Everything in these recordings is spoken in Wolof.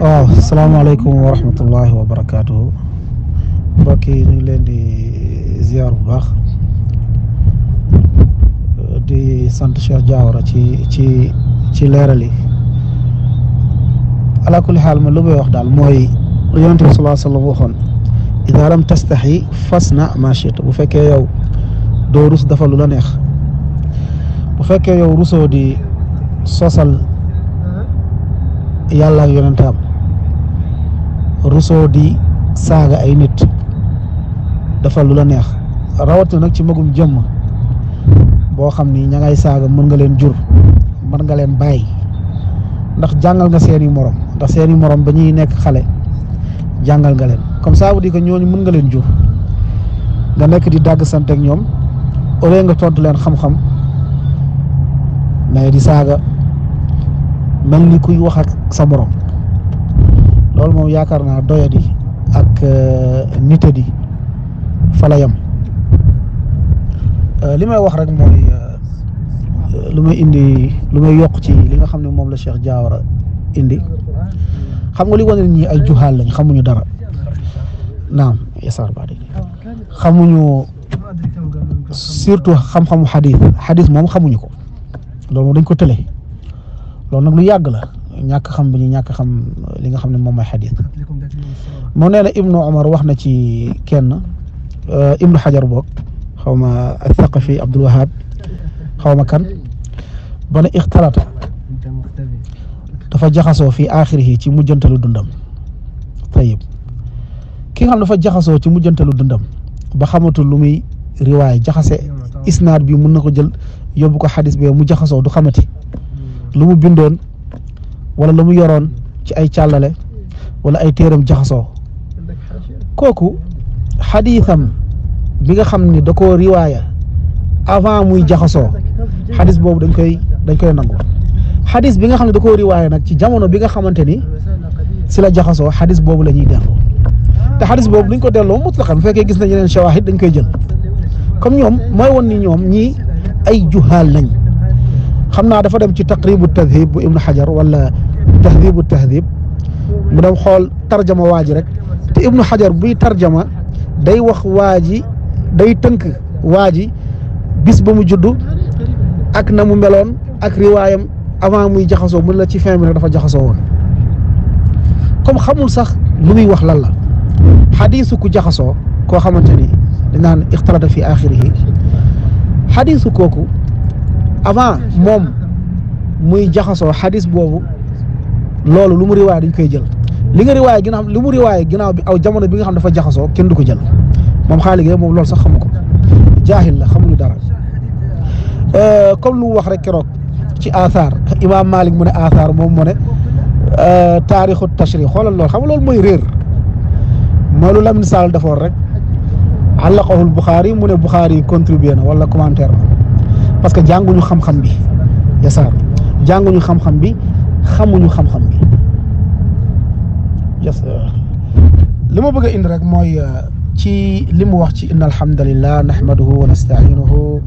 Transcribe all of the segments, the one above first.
waaw oh, salaamaaleykum wa wa barakaatu mbokk yi leen di ziar bu baax di sant Cheikh ci ci ci leeral yi ala kulli xaal ma lu may wax daal mooy yonent bi salaa sallam waxoon idaa lam tastaxi fas na ma bu fekkee yow doo rus dafa lu bu fekkee yow rusoo di sosal yàlla ak yonentaam rusoo di saaga ay nit dafa lu la neex rawatina nag ci magum jëmm boo xam ni ña ngay saaga mën nga leen jur mën nga leen bàyyi ndax jàngal nga seeni moroom ndax seeni moroom ba ñuy nekk xale jàngal nga leen comme ça di dire que ñooñu mën nga leen jur nga nekk di dàgg sant ak ñoom au nga tontu leen xam-xam mais di saaga. mel ni kuy wax ak sa borom loolu moom yaakaar naa doyadi ak euh, nitadi fa la yem euh, li may wax rek mooy euh, lu may indi lu may yokk ci li nga xam ne moom la Cheikh Diawara indi xam nga li wane ñi ay juhaal lañ xamuñu dara naam yasaar ba xamuñu surtout xam-xamu xadis moom xamuñu ko loolu dañ ko tële loolu nag lu yàgg la ñàkk xam bi ñu ñàkk xam li nga xam ne moom mooy xadis mu nee na ibnu omar wax na ci kenn euh, ibnu xajar boog xaw ma athaqafi fi wahab xaw ma kan ba ne dafa jaxasoo fi axirihi ci mujjantalu dundam tayib ki nga xam dafa jaxasoo ci mujjantalu dundam ba xamatul lu muy riwaay jaxase isnaad bi mun na ko jël yóbbu ko xadis bi mu jaxasoo du xamati lu mu bindoon wala lu mu yoroon ci ay càllale wala ay téeram jaxasoo kooku xadiisam bi nga xam ni da koo riwaaya avant muy jaxasoo xadis boobu dañ koy dañ koy nangu xadis bi nga xam ne da koo riwaaya nag ci jamono bi nga xamante ni si la jaxasoo xadis boobu la ñuy dellu te xadis boobu duñ ko delloo mutlaqan bu fekkee gis nañ yeneen shawaahid dañ koy jël comme ñoom mooy woon ni ñoom ñi ay juhaal lañ xam naa dafa dem ci taqribu tadhib bu ibnu xajar wala tahdibu tahdib mu dem xool tarjama waa ji rek te ibnu xajar buy tarjama day wax waa ji day tënk waa ji bis ba mu judd ak na mu meloon ak riwaayam avant muy jaxasoo mën la ci fin bi nag dafa jaxasoo woon comme xamul sax lu muy wax lan la xadiisu ku jaxasoo koo xamante ni dañ naan ixtarata fi axirihi xadiisu kooku avant moom muy jaxasoo xadiis boobu loolu lu mu riwaay dañ koy jël li nga riwaay ginnaaw li mu riwaay ginnaaw bi aw jamono bi nga xam dafa jaxasoo kenn du ko jël moom xaaligé moom loolu sax xamu ko jaahil la xamul dara euh, comme lu wax rek keroog ci athar imaam Malik mu ne athar moom mu ne euh, taarixu tashri xoolal loolu xam nga loolu mooy réer mooy lu Lamine Sall defoon rek àllaqahul Buxaari mu ne Buxaari contribué na wala commentaire na parce que jànguñu xam-xam bi yasaar jànguñu xam-xam bi xamuñu xam-xam bi yes li ma bëgg a indi rek mooy ci li mu wax ci inna alhamdulillah nahmaduhu wa nastainuhu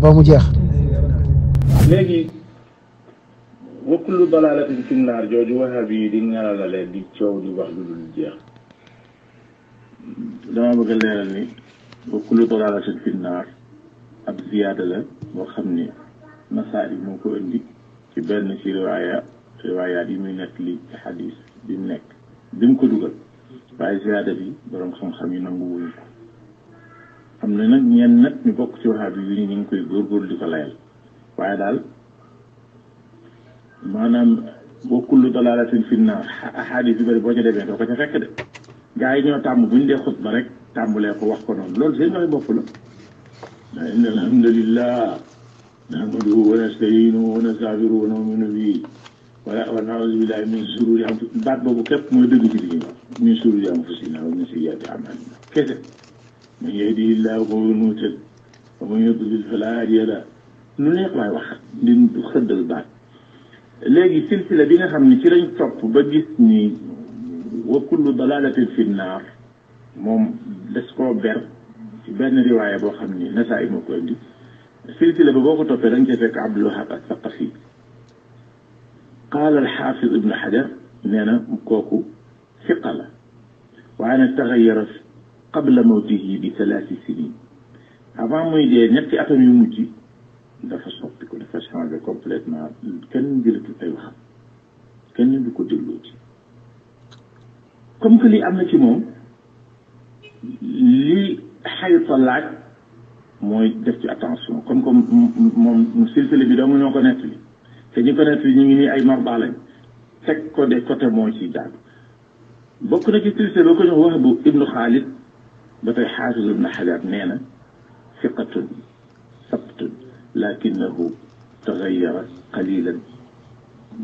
ba mu jeex léegi wa kullu dalaalatin fi naar jooju waxaab yi di ñaanalale di coow di wax lu dul jeex dama bëgg a leeral ni wa kullu dalaalatin fi naar ab ziyada la bo xam ne masaa ko indi ci ben ci riwaya riwaya di muy nek li ci hadith di nek dim ko dugal way ziyada bi borom xam-xam yi nangu wuy ko xam nak ñen nak ñu bok ci waxaat bi yu ñu ngi gor góorgóorlu di ko layal way dal manam bo kullu dalalatin fi naar ahadis bi bo ci ca do ko ci fekk de gaay ñoo tam buñ de dee xutba rek tambulé ko wax ko non loolu seen ñoy bopp la إن الحمد لله نحمده ونستعينه ونستغفره ونؤمن به ونعوذ بالله من شرور أنفسنا بعد بابو كيف مدد من شرور أنفسنا ومن سيئات أعمالنا كذا من يهدي الله فهو المهتد ومن يضلل فلا هادي له lu neex laay لن تخد البعض لاجي سلسله بينا bi nga xam ni وكل ضلالة في النار مم ni wa ci benn riwaaya boo xam ni nasaay moo ko indi silsila ba boo ko toppee da nga cee fekk abdulwahab ak saqafi qaala alxaafid ibnu xajar nee na kooku siqa la waaye nag taxayara qabla mawtihi bi salaasi sinin avant muy dee ñetti atam yu mujj dafa soppi ko dafa changé complètement kenn jëlatul ay waxam kenn du ko déglooti comme que lii am na ci moom lii xayta laaj mooy def ci attention comme comme moom silsile bi dong ñoo ko nettali te ñi ko nettali ñu ngi nii ay marbaa lañ teg ko de côté moo ci jaadu bokk na ci silsile ba ko ñu wax bu ibnu xaalid ba tey xaafiz ibnu xajar nee na fiqatun sabtun lakinahu tagayara qalilan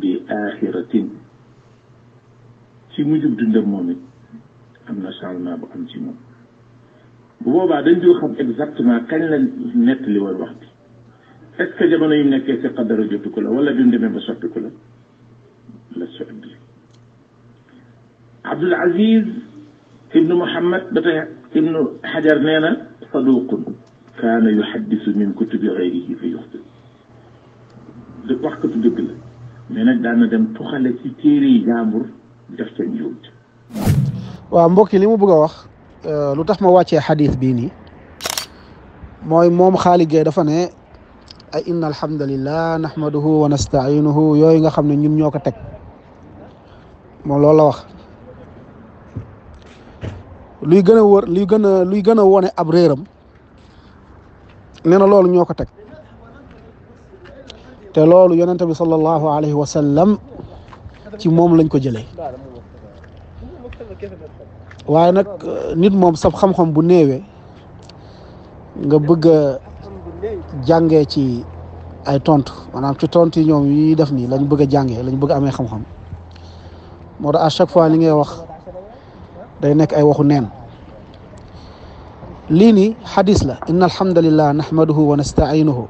bi axiratin ci mujjub dundam moom it am na changement bu am ci moom بوبا دنجو خم اكزاكتومون كان لا نيت لي وار وقت ولا جوندي مي عبد العزيز ابن محمد ابن حجر نينا صدوق كان يحدث من كتب غيره في لي باخ كتب دغلا مي lu tax ma wàccee xadis bii nii mooy moom Xaali Gueye dafa ne ay inna alhamdulillah nahmaduhu wa nastainuhu yooyu nga xam ne ñun ñoo ko teg moom loolu la wax luy gën a wër luy gën a luy gën a wone ab réeram nee na loolu ñoo ko teg te loolu yonente bi sallallahu alayhi wa sallam ci moom lañ ko jëlee waaye nag nit moom sab xam-xam bu néewee nga bëgg jàngee ci ay tontu maanaam ci tontu yi ñoom yi def nii lañ bëgg a jàngee lañ bëgg amee xam-xam moo tax à chaque fois li ngay wax day nekk ay waxu neen lii nii xadis la inna alhamdulillah nahmaduhu wa nastainuhu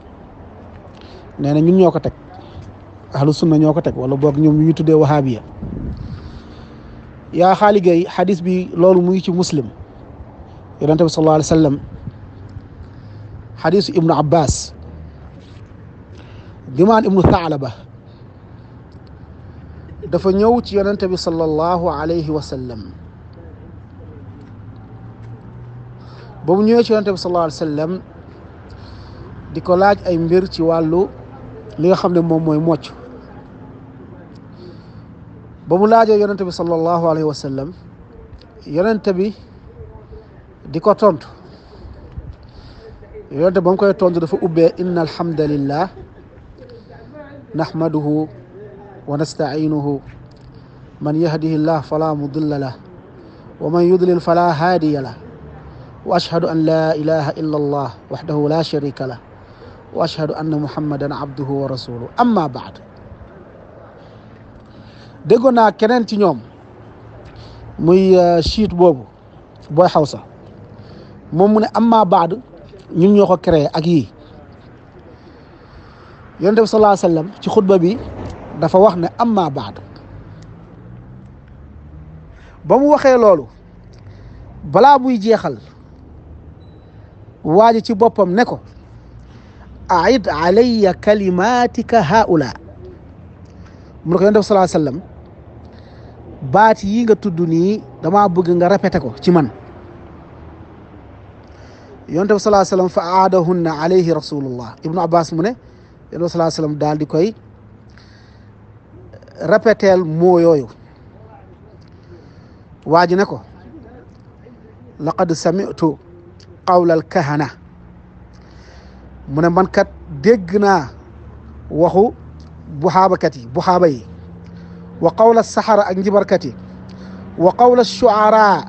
nee na ñun ñoo ko teg ahlu na ñoo ko teg wala boog ñoom ñuy tuddee waxaab wahaabiya yaa xaali gay xadis bi loolu mu ngi ci muslim yonente bi sallallahu alayhi wa sallam xadisu ibnu abbas dimaan ibnu thaalaba dafa ñëw ci yonente bi sallallahu alayhi wa sallam ba mu ñëwee ci yonente bi sallallahu alayhi wa di ko laaj ay mbir ci wàllu li nga xam ne moom mooy mocc ba mu laajee yonente bi sallallahu alayhi wa sallam yonente bi di ko tontu yonente ba mu koy tontu dafa ubbee inna alhamdalillah nahmaduhu wa nasta'inuhu man yahdihi llah fala mudilla lah wa man yudlil fala haadiya lah wa ashhadu an la ilaha illa allah wahdahu la sharika lah wa ashhadu anna muhammadan abduhu wa rasuluh amma ba'd déggoon naa keneen ci ñoom muy chiite boobu booy xawsa moom mu ne amma baad ñun ñoo ko créé ak yii yonent bi sallallahu alayhi wasallam ci xutba bi dafa wax ne amma baad ba mu waxee loolu balaa buy jeexal waaji ci boppam ne ko aid alayya kalimatika haula mu ne ko yonent bi sallallahu alayhi wasallam baat yi nga tudd nii dama bëgg nga répété ko ci man yonte bi salaa sallam fa aadahunna alayhi rasulullah ibnu abbas mu ne yonte bi salaa sallam daal di koy répéteel moo yooyu waa ji ne ko laqad samitu qawlal kahana mu ne man kat dégg naa waxu buxaabakat yi buxaaba yi وقول السحرة أنجي بركتي وقول الشعراء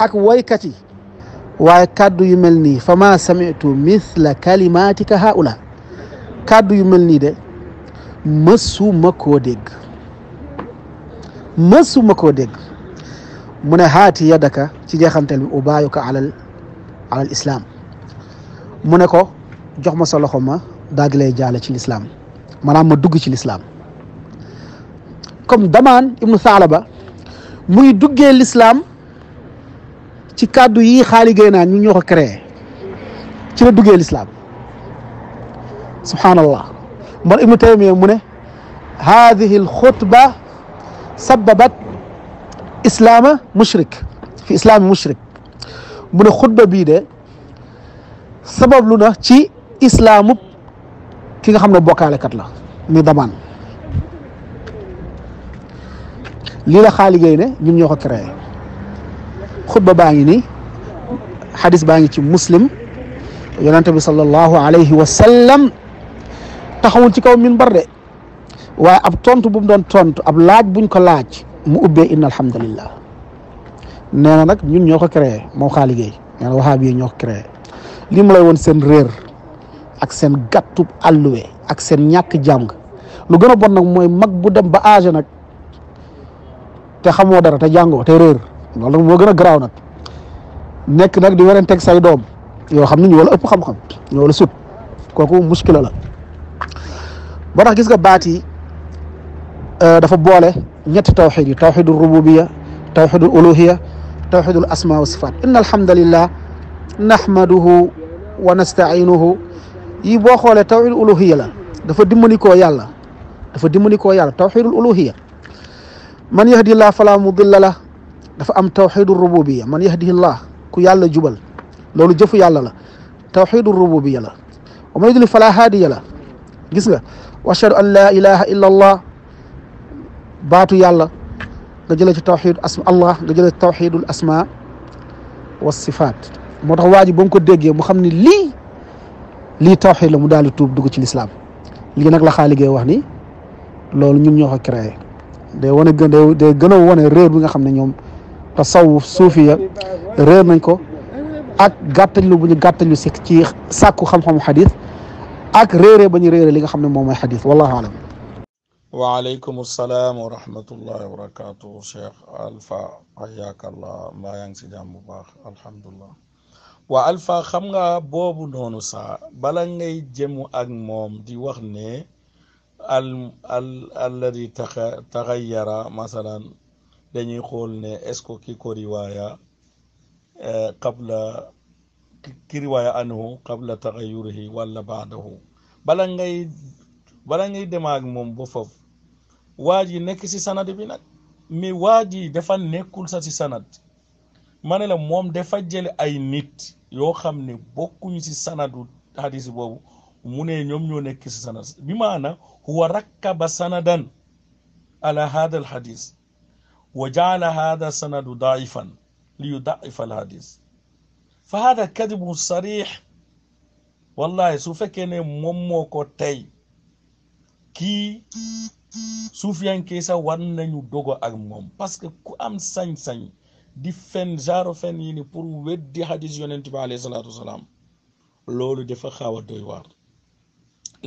أك ويكتي وكادو يملني فما سمعت مثل كلماتك هؤلاء كاد يملني ده مسو مكودك مسو مكودك من هاتي يدك تجي خمتل أبايك على على الإسلام منكو ne ko jox ma sa loxo ma daag lay jaale ci dugg ci lislaam comme damaan ibnu Saalaba muy ngi duggee l'islam ci kàddu yi xaali gay naan ñu ñoo ko créé ci la duggee l'islam subhaanallah mbal ibnu Taymiya mu ne hadihi alxutba sababat islaama mushrik fi islaami mushrik mu ne xutba bii de sabablu na ci islaamub ki nga xam ne bokkaalekat la muy damaan lii la xaali gay ne ñun ñoo ko créé xutba baa ngi ni xadis baa ngi ci muslim yonente bi sallallahu alayhi wa sallam taxawul ci kaw minbar de waaye ab tontu bu mu doon tontu ab laaj buñ ko laaj mu ubbee inna alhamdulillah nee na nag ñun ñoo ko créé moom xaali gay nee na waxaab yi ñoo ko créé lay woon seen réer ak seen gàttub àlluwe ak seen ñàkk jàng lu gën a bon nag mooy mag bu dem ba âgé nag te xamoo dara te jàngoo te réer loolu moo gën a garaaw nag nekk nag di werante ak say doom yoo xam ne ñoo la ëpp xam-xam ñoo la sut kooku muskila la boo tax gis nga baat yi dafa boole ñetti tawxid yi tawxidul rububiya tawxidul uluhiya tawxidul asma wa sifaat inna alhamdulillah nahmaduhu wa nastainuhu yi boo xoolee tawxidul uluhiya la dafa dimbali koo yàlla dafa dimbali koo yàlla tawxidul uluhiya من يهدي الله فلا مضل له دا ام توحيد الربوبيه من يهدي الله كو يالا جوبال لولو جيفو يالا لا توحيد الربوبيه لا ومن يضل فلا هادي لا غيسغا واشهد ان لا اله الا الله باتو يالا دا جيلي توحيد اسم الله دا جيلي توحيد الاسماء والصفات موتاخ واجي بونكو ديغي مو خامني لي لي توحيد لا مو دالي توب دوجو سي الاسلام لي نك لا خالي واخني لولو نيم نيوخا كراي day wane gën day gën a wane réer bi nga xam ne ñoom tasawuf suufiya réer nañ ko ak gàttañlu bu ñu gàttañlu si ci sàkku xam-xamu xadis ak réere ba ñu réere li nga xam ne moom mooy xadis wallahu alam waaleykum assalaam wa rahmatullahi wa barakatuh cheikh alpha ayakallah mbaa yaa ngi si jàmm bu baax alhamdulillah waa alpha xam nga boobu noonu saa bala ngay jëmu ak moom di wax ne ال ال الذي تغير مثلا dañuy xool ne est ce que ki ko riwaya qabla ki riwaya anhu qabla tagayurihi walla badahu bala ngay bala ngay dem ak moom ba foofu waa ji nekk si sanad bi nag mais waa ji dafa nekkul sa si sanad ma ne la moom dafa jël ay nit yoo xam ne bokkuñu si sanadu hadis boobu mu ne ñoom ñoo nekk si sanad bi maana huwa rakkaba sanadan ala hada wa jaala hada sanadu daifan li yudaifa al hadis fa hada kadibu sarix wallahi su fekkee ne moom moo ko tey kii suufiyanke sax war nañu dogo ak moom parce que ku am sañ-sañ di fen genre fen yi ni pour weddi hadis yonent bi alayhi salaatu wasalaam loolu dafa xaaw a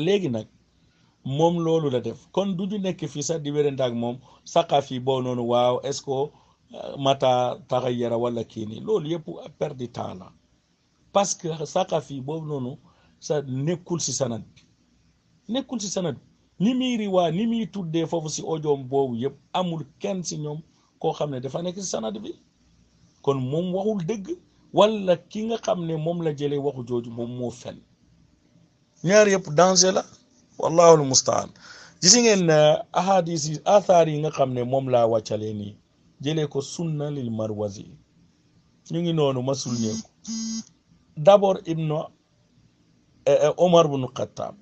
léegi nag moom loolu la def kon du ñu nekk fii sax di wérante ak moom saqaf yi boo noonu waaw est-ce que euh, mata taxayara wala kii nii loolu yëpp perte de temps la parce que saqaf boobu noonu sa nekkul si sanad bi nekkul si sanad bi ni muy riwaa ni muy tuddee foofu si ojoom boobu yëpp amul kenn si ñoom koo xam ne dafa nekk si sanad bi kon moom waxul dëgg wala ki nga xam ne moom la jëlee waxu jooju moom moo fen ñaar yëpp danger la wallahu al mustaan gis ngeen na ahadis yi athaar yi nga xam ne moom laa wàccalee nii jëlee ko sunna lil marwazi ñu ngi noonu masul ñeeku d' abord ibnu omar bnu xattaab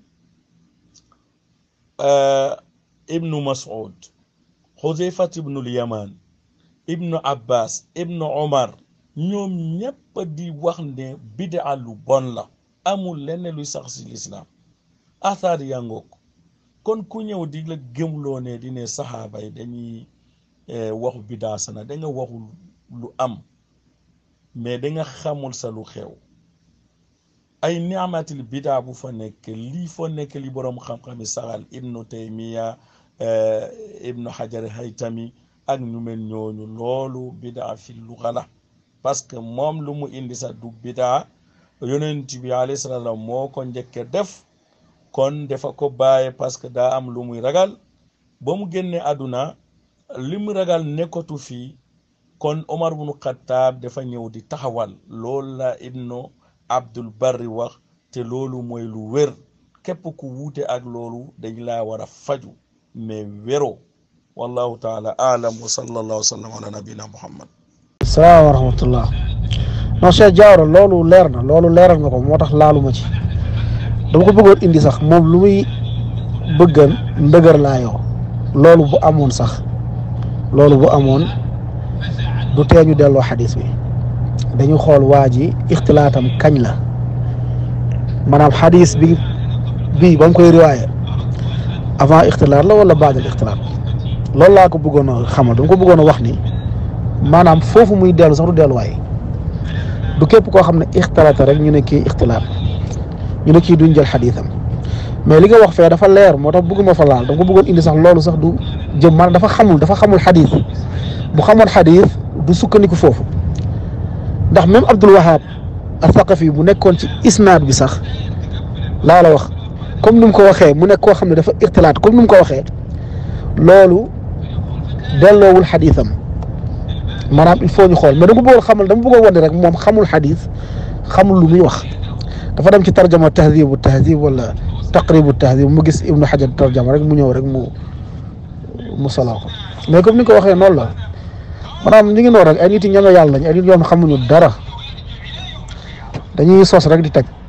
ibnu masud xuzeyfat ibnu lyaman ibnu abbas ibnu omar ñoom ñépp di wax ne bidaa lu bon la amul lenn luy sax si lislaam athaar yangook kon ku ñëw dig la gëmloo ne di ne sahaba yi dañuy waxu bidaa sana da nga waxul lu am mais da nga xamul sa lu xew ay ni'matil bida bu fa nek li fa nek li borom xam-xami saxal ibnu taymiya ibnu hajar haytami ak ñu mel ñooñu loolu bida fi luxa la parce que mom lu mu indi sa du bidaa yonent bi alayhi moo ko njëkke def kon defa ko bàyyee parce que daa am lu muy ragal bo mu génne àdduna li mu ragal nekkatu fii kon Omar bun Xattaab dafa ñëw di taxawal loolu la ibnu Abdul bari wax te loolu moy lu wér képp ku wuute ak loolu dañ laa war a faju mai wéro wallahu taala alam wa sallallahu wa sallam ala salaam wa non Cheikh Diawara loolu leer na loolu leeral nga ko moo tax laalu ma ci dama ko bëggoon indi sax moom lu muy bëggan ndëgër laa yow loolu bu amoon sax loolu bu amoon du tee ñu delloo xadis bi dañu xool waa ji ixtilaatam kañ la maanaam xadiis bi bii ba mu koy riwaaye avant ixtilaat la wala baadal ixtilaat loolu laa ko bëggoon a xamal dama ko bëggoon a wax ni maanaam foofu muy dellu sax du delluwaay du képp koo xam ne ixtilaata rek ñu ne kii ixtilaat ñu ne kii duñ jël xadiisam mais li nga wax fee dafa leer moo tax bëgguma fa laal dama ko bëggoon indi sax loolu sax du jëm maanaam dafa xamul dafa xamul xadiis bu xamoon xadiis du sukkandiku foofu ndax même Abdul Wahab al-Thaqafi bu nekkoon ci isnaad bi sax laa la wax comme ni mu ko waxee mu nekk koo xam ne dafa ixtilaat comme ni mu ko waxee loolu delloowul xadiisam. maanaam il faut ñu xool mais dama xamul xamal dama bëggoon wane rek moom xamul xadis xamul lu muy wax dafa dem ci tarjama tahdibu tahdib wala taqribu tahdib mu gis ibnu xajar tarjama rek mu ñëw rek mu mu soloo ko mais comme ni nga ko waxee noonu la maanaam ñu ngi noonu rek ay nit yi ña nga yàlla ñu ay nit yoon xamuñu dara dañuy sos rek di teg